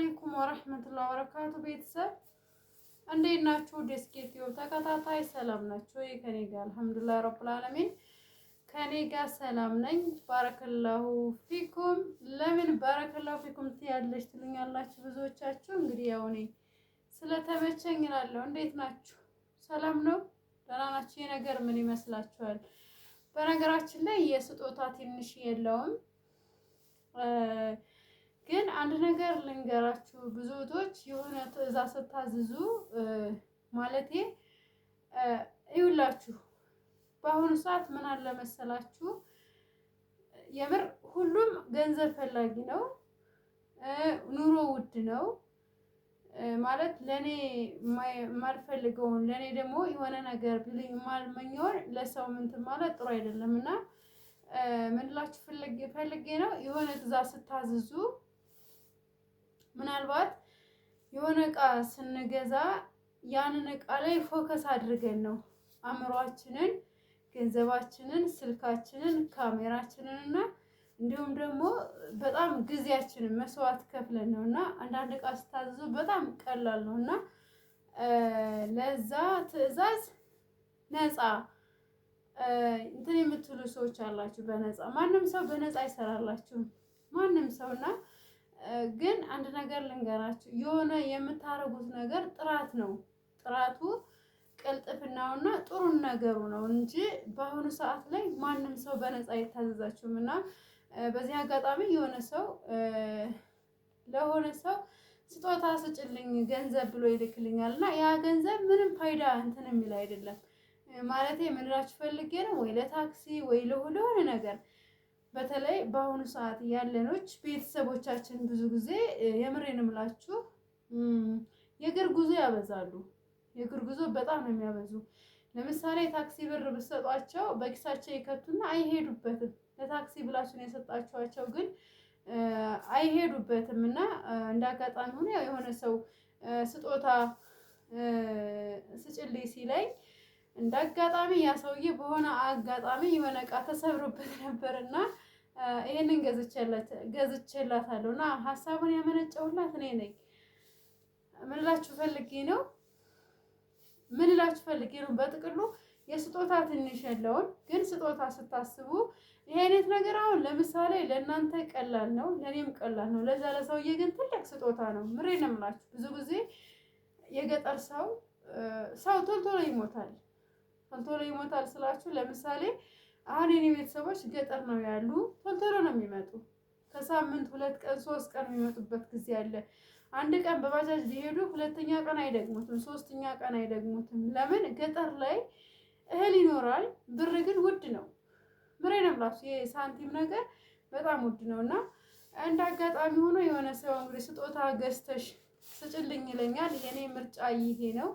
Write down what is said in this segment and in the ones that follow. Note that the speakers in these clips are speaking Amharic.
አለይኩም ወረህመቱላሂ ወበረካቱ ቤተሰብ እንዴት ናችሁ? ዴስኬት ዩብ ተከታታይ ሰላም ናችሁ? ከኔ ጋር አልሐምዱሊላህ ረብል ዓለሚን ከኔ ጋር ሰላም ነኝ። ባረከላሁ ፊኩም። ለምን ባረከላሁ ፊኩም ትያለች ትሉኛላችሁ ብዙዎቻችሁ። እንግዲህ ያው እኔ ስለተመቸኝ እላለሁ። እንዴት ናችሁ? ሰላም ነው? ደህና ናችሁ? የነገር ምን ይመስላችኋል? በነገራችን ላይ የስጦታ ትንሽ የለውም ግን አንድ ነገር ልንገራችሁ፣ ብዙ እህቶች የሆነ ትዕዛዝ ስታዝዙ ማለቴ ይውላችሁ በአሁኑ ሰዓት ምን አለ መሰላችሁ፣ የምር ሁሉም ገንዘብ ፈላጊ ነው። ኑሮ ውድ ነው። ማለት ለእኔ የማልፈልገውን ለእኔ ደግሞ የሆነ ነገር ብልኝ የማልመኘውን ለሰው ምንትን ማለት ጥሩ አይደለም እና ምንላችሁ ፈልጌ ነው የሆነ ትዕዛዝ ስታዝዙ ምናልባት የሆነ እቃ ስንገዛ ያንን እቃ ላይ ፎከስ አድርገን ነው አእምሯችንን፣ ገንዘባችንን፣ ስልካችንን፣ ካሜራችንን እና እንዲሁም ደግሞ በጣም ጊዜያችንን መስዋዕት ከፍለን ነው እና አንዳንድ እቃ ስታዘዙ በጣም ቀላል ነው እና ለዛ ትዕዛዝ ነፃ እንትን የምትሉ ሰዎች አላችሁ። በነፃ ማንም ሰው በነፃ አይሰራላችሁም ማንም እና ግን አንድ ነገር ልንገራችሁ፣ የሆነ የምታረጉት ነገር ጥራት ነው። ጥራቱ ቅልጥፍናውና ጥሩ ነገሩ ነው እንጂ በአሁኑ ሰዓት ላይ ማንም ሰው በነፃ አይታዘዛችሁም። እና በዚህ አጋጣሚ የሆነ ሰው ለሆነ ሰው ስጦታ ስጭልኝ ገንዘብ ብሎ ይልክልኛል እና ያ ገንዘብ ምንም ፋይዳ እንትን የሚል አይደለም። ማለት የምንላችሁ ፈልጌ ነው ወይ ለታክሲ ወይ ለሆነ ነገር በተለይ በአሁኑ ሰዓት ያለኖች ቤተሰቦቻችን ብዙ ጊዜ የምሬን ምላችሁ የእግር ጉዞ ያበዛሉ። የእግር ጉዞ በጣም ነው የሚያበዙ። ለምሳሌ የታክሲ ብር ብሰጧቸው በኪሳቸው ይከቱና አይሄዱበትም። ለታክሲ ብላችሁ ነው የሰጣችኋቸው፣ ግን አይሄዱበትም እና እንደ አጋጣሚ ሆኖ ያው የሆነ ሰው ስጦታ ስጭልኝ ሲለኝ እንደ አጋጣሚ ያ ሰውዬ በሆነ አጋጣሚ የሆነ እቃ ተሰብሮበት ነበር እና ይሄንን ገዝቼላታለሁ እና ሀሳቡን ያመነጨውላት እኔ ነኝ። ምን እላችሁ ፈልጌ ነው ምን ፈልጌ ነው በጥቅሉ የስጦታ ትንሽ የለውም፣ ግን ስጦታ ስታስቡ ይሄ አይነት ነገር አሁን ለምሳሌ ለእናንተ ቀላል ነው፣ ለእኔም ቀላል ነው። ለዛ ለሰውዬ ግን ትልቅ ስጦታ ነው። ምሬ ነው የምላችሁ። ብዙ ጊዜ የገጠር ሰው ሰው ቶሎ ቶሎ ይሞታል። ቶልቶሎ ይሞታል ስላችሁ፣ ለምሳሌ አሁን የኔ ቤተሰቦች ገጠር ነው ያሉ። ቶልቶሎ ነው የሚመጡ። ከሳምንት ሁለት ቀን ሶስት ቀን የሚመጡበት ጊዜ አለ። አንድ ቀን በባጃጅ ሊሄዱ ሁለተኛ ቀን አይደግሙትም፣ ሶስተኛ ቀን አይደግሙትም። ለምን? ገጠር ላይ እህል ይኖራል፣ ብር ግን ውድ ነው። ምሬ ነው ብላችሁ የሳንቲም ነገር በጣም ውድ ነው እና እንደ አጋጣሚ ሆኖ የሆነ ሰው እንግዲህ ስጦታ ገዝተሽ ስጭልኝ ይለኛል። የኔ ምርጫ ይሄ ነው፣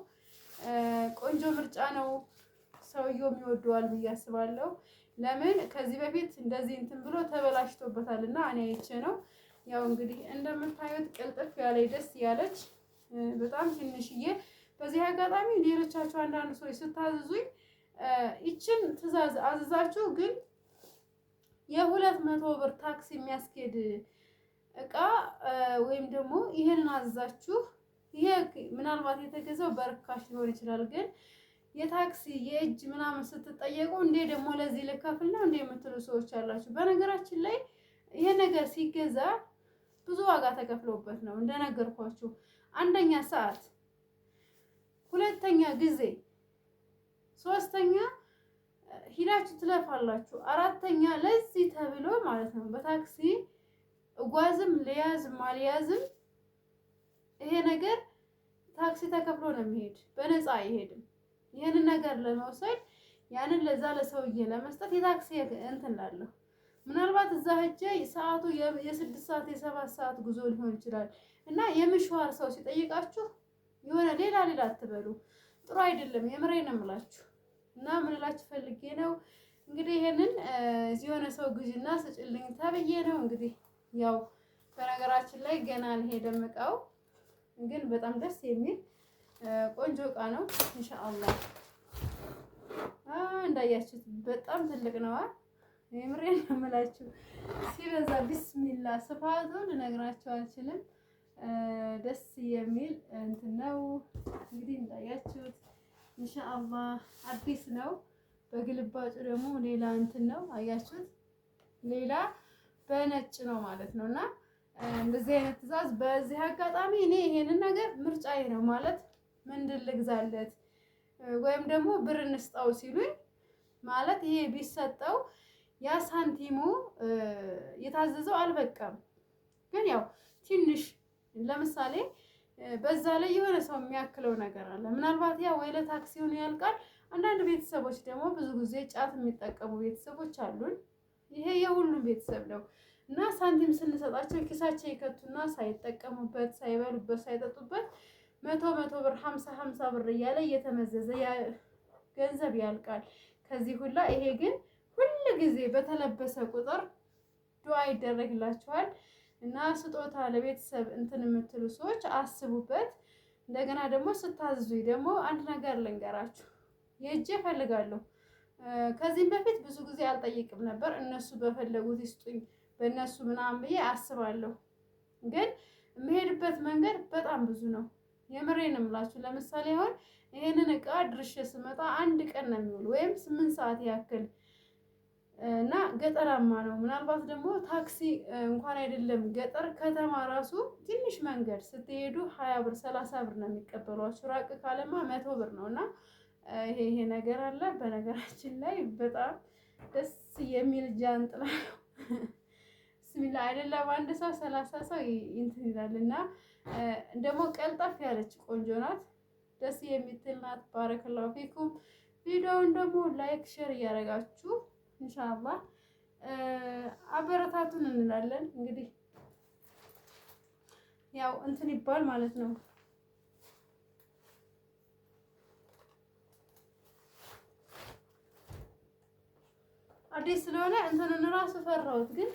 ቆንጆ ምርጫ ነው ሰውየው የሚወደዋል ብዬ አስባለሁ። ለምን ከዚህ በፊት እንደዚህ እንትን ብሎ ተበላሽቶበታል እና እኔ አይቼ ነው። ያው እንግዲህ እንደምታዩት ቅልጥፍ ያለ ደስ ያለች በጣም ትንሽዬ። በዚህ አጋጣሚ ሌሎቻችሁ አንዳንድ ሰዎች ስታዝዙኝ ይችን ትእዛዝ አዝዛችሁ ግን የሁለት መቶ ብር ታክስ የሚያስኬድ እቃ ወይም ደግሞ ይሄንን አዝዛችሁ ይሄ ምናልባት የተገዛው በርካሽ ሊሆን ይችላል ግን የታክሲ የእጅ ምናምን ስትጠየቁ እንዴ ደግሞ ለዚህ ልከፍል ነው እንዴ የምትሉ ሰዎች አላችሁ። በነገራችን ላይ ይሄ ነገር ሲገዛ ብዙ ዋጋ ተከፍሎበት ነው እንደነገርኳችሁ፣ አንደኛ ሰዓት፣ ሁለተኛ ጊዜ፣ ሶስተኛ ሂዳችሁ ትለፋላችሁ፣ አራተኛ ለዚህ ተብሎ ማለት ነው በታክሲ እጓዝም ልያዝም አልያዝም ይሄ ነገር ታክሲ ተከፍሎ ነው የሚሄድ፣ በነፃ አይሄድም። ይህንን ነገር ለመውሰድ ያንን ለዛ ለሰውዬ ለመስጠት የታክሲ እንትን እላለሁ። ምናልባት እዛ ሄጄ ሰዓቱ የስድስት ሰዓት የሰባት ሰዓት ጉዞ ሊሆን ይችላል እና የምሽዋር ሰው ሲጠይቃችሁ የሆነ ሌላ ሌላ አትበሉ። ጥሩ አይደለም። የምሬ ነው የምላችሁ እና ምንላችሁ ፈልጌ ነው እንግዲህ ይሄንን እዚህ የሆነ ሰው ግዢና ስጭልኝ ተብዬ ነው እንግዲህ ያው በነገራችን ላይ ገና አልሄደም እቃው ግን በጣም ደስ የሚል ቆንጆ እቃ ነው። ኢንሻአላህ እንዳያችሁት በጣም ትልቅ ነው። የምሬን የምላችሁ ሲበዛ ቢስሚላ ስፋቱ ልነግራችሁ አልችልም። ደስ የሚል እንትን ነው እንግዲህ እንዳያችሁት ኢንሻአላህ አዲስ ነው። በግልባጩ ደግሞ ሌላ እንትን ነው አያችሁት፣ ሌላ በነጭ ነው ማለት ነው። እና እንደዚህ አይነት ትዕዛዝ በዚህ አጋጣሚ እኔ ይሄንን ነገር ምርጫዬ ነው ማለት ምንድን ልግዛለት ወይም ደግሞ ብር እንስጠው ሲሉኝ ማለት ይሄ ቢሰጠው ያ ሳንቲሙ የታዘዘው አልበቃም። ግን ያው ትንሽ ለምሳሌ በዛ ላይ የሆነ ሰው የሚያክለው ነገር አለ። ምናልባት ያ ወይ ለታክሲ ያልቃል። አንዳንድ ቤተሰቦች ደግሞ ብዙ ጊዜ ጫት የሚጠቀሙ ቤተሰቦች አሉን። ይሄ የሁሉም ቤተሰብ ነው እና ሳንቲም ስንሰጣቸው ኪሳቸው ይከቱና ሳይጠቀሙበት፣ ሳይበሉበት፣ ሳይጠጡበት መቶ መቶ ብር ሀምሳ ሀምሳ ብር እያለ እየተመዘዘ ገንዘብ ያልቃል ከዚህ ሁላ። ይሄ ግን ሁል ጊዜ በተለበሰ ቁጥር ዱዓ ይደረግላችኋል እና ስጦታ ለቤተሰብ እንትን የምትሉ ሰዎች አስቡበት። እንደገና ደግሞ ስታዝዙኝ ደግሞ አንድ ነገር ልንገራችሁ፣ የእጄ እፈልጋለሁ። ከዚህም በፊት ብዙ ጊዜ አልጠይቅም ነበር፣ እነሱ በፈለጉት ይስጡኝ በእነሱ ምናምን ብዬ አስባለሁ። ግን የምሄድበት መንገድ በጣም ብዙ ነው። የምሬ ነው የምላችሁ። ለምሳሌ አሁን ይሄንን እቃ ድርሽ ስመጣ አንድ ቀን ነው የሚውል ወይም ስምንት ሰዓት ያክል እና ገጠራማ ነው። ምናልባት ደግሞ ታክሲ እንኳን አይደለም ገጠር ከተማ ራሱ ትንሽ መንገድ ስትሄዱ ሀያ ብር ሰላሳ ብር ነው የሚቀበሏችሁ። ራቅ ካለማ መቶ ብር ነው እና ይሄ ይሄ ነገር አለ። በነገራችን ላይ በጣም ደስ የሚል ጃንጥላ ነው ስሚላ አይደለም አንድ ሰው ሰላሳ ሰው ይንትን ይላል እና ደግሞ ቀልጠፍ ያለች ቆንጆ ናት፣ ደስ የምትል ናት። ባረከላሁ ፊኩም። ቪዲዮውን ደግሞ ላይክ ሼር እያደረጋችሁ እንሻላ አበረታቱን እንላለን። እንግዲህ ያው እንትን ይባል ማለት ነው አዲስ ስለሆነ እንትንን ራሱ ፈራሁት ግን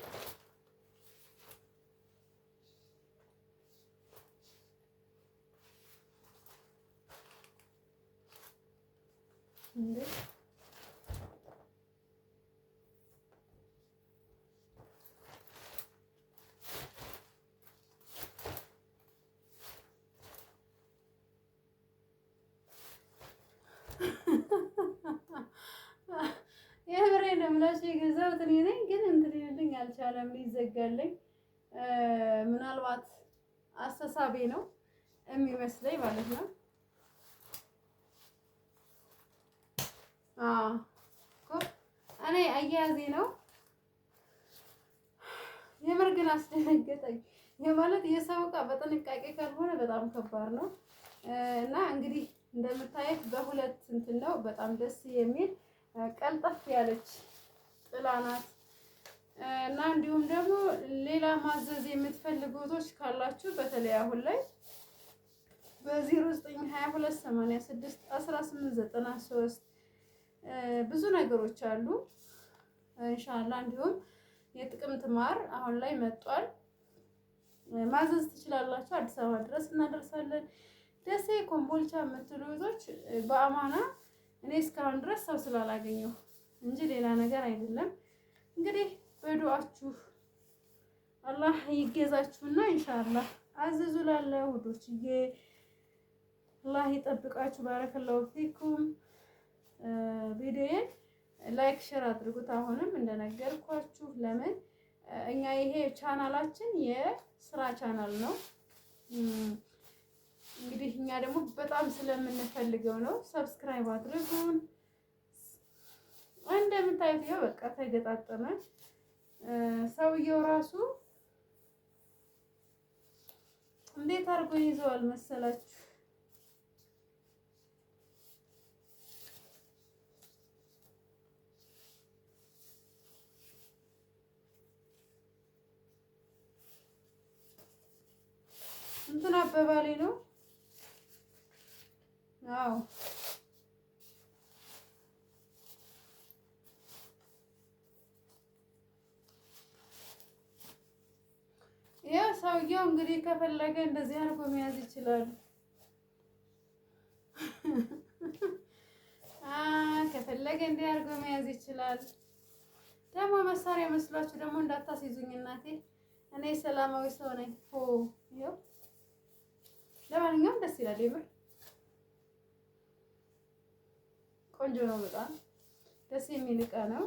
ምላሽ የገዛሁት እኔ ነኝ፣ ግን እንትንልኝ አልቻለም ሊዘጋልኝ። ምናልባት አስተሳቤ ነው የሚመስለኝ ማለት ነው። እኔ አያያዜ ነው የምር ግን አስደነገጠኝ። የማለት የሰው እቃ በጥንቃቄ ካልሆነ በጣም ከባድ ነው እና እንግዲህ እንደምታየት በሁለት እንትን ነው በጣም ደስ የሚል ቀልጠፍ ያለች ጥላናት እና እንዲሁም ደግሞ ሌላ ማዘዝ የምትፈልጉ እህቶች ካላችሁ በተለይ አሁን ላይ በ0922861893 ብዙ ነገሮች አሉ። እንሻላ እንዲሁም የጥቅምት ማር አሁን ላይ መጧል። ማዘዝ ትችላላችሁ። አዲስ አበባ ድረስ እናደርሳለን። ደሴ፣ ኮምቦልቻ የምትሉ እህቶች በአማና እኔ እስካሁን ድረስ ሰው ስላላገኘሁ እንጂ ሌላ ነገር አይደለም። እንግዲህ በዱአችሁ አላህ ይገዛችሁና ኢንሻአላህ አዝዙ ላለ ውዶችዬ አላህ ይጠብቃችሁ። ባረከላሁ ፊኩም። ቪዲዮዬን ላይክ ሼር አድርጉት። አሁንም እንደነገርኳችሁ ለምን እኛ ይሄ ቻናላችን የስራ ቻናል ነው። እንግዲህ እኛ ደግሞ በጣም ስለምንፈልገው ነው። ሰብስክራይብ አድርጉን። እንደምታዩት ይኸው በቃ ተገጣጠመ። ሰውየው ራሱ እንዴት አድርጎ ይዘዋል መሰላችሁ? እንትን አበባሌ ነው። አዎ ሰውየው እንግዲህ ከፈለገ እንደዚህ አድርጎ መያዝ ይችላል። ከፈለገ እንዲህ አድርጎ መያዝ ይችላል። ደግሞ መሳሪያ መስሏችሁ ደግሞ እንዳታስይዙኝ እናቴ፣ እኔ ሰላማዊ ሰው ነኝ። ሆ ይኸው ለማንኛውም ደስ ይላል። የምር ቆንጆ ነው። በጣም ደስ የሚል እቃ ነው።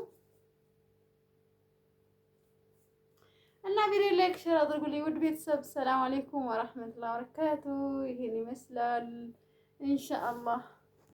እና ቪዲዮ ላይክ ሼር አድርጉልኝ። ውድ ቤተሰብ ሰላም አለይኩም ወራህመቱላሂ ወበረካቱ። ይሄን ይመስላል ኢንሻአላህ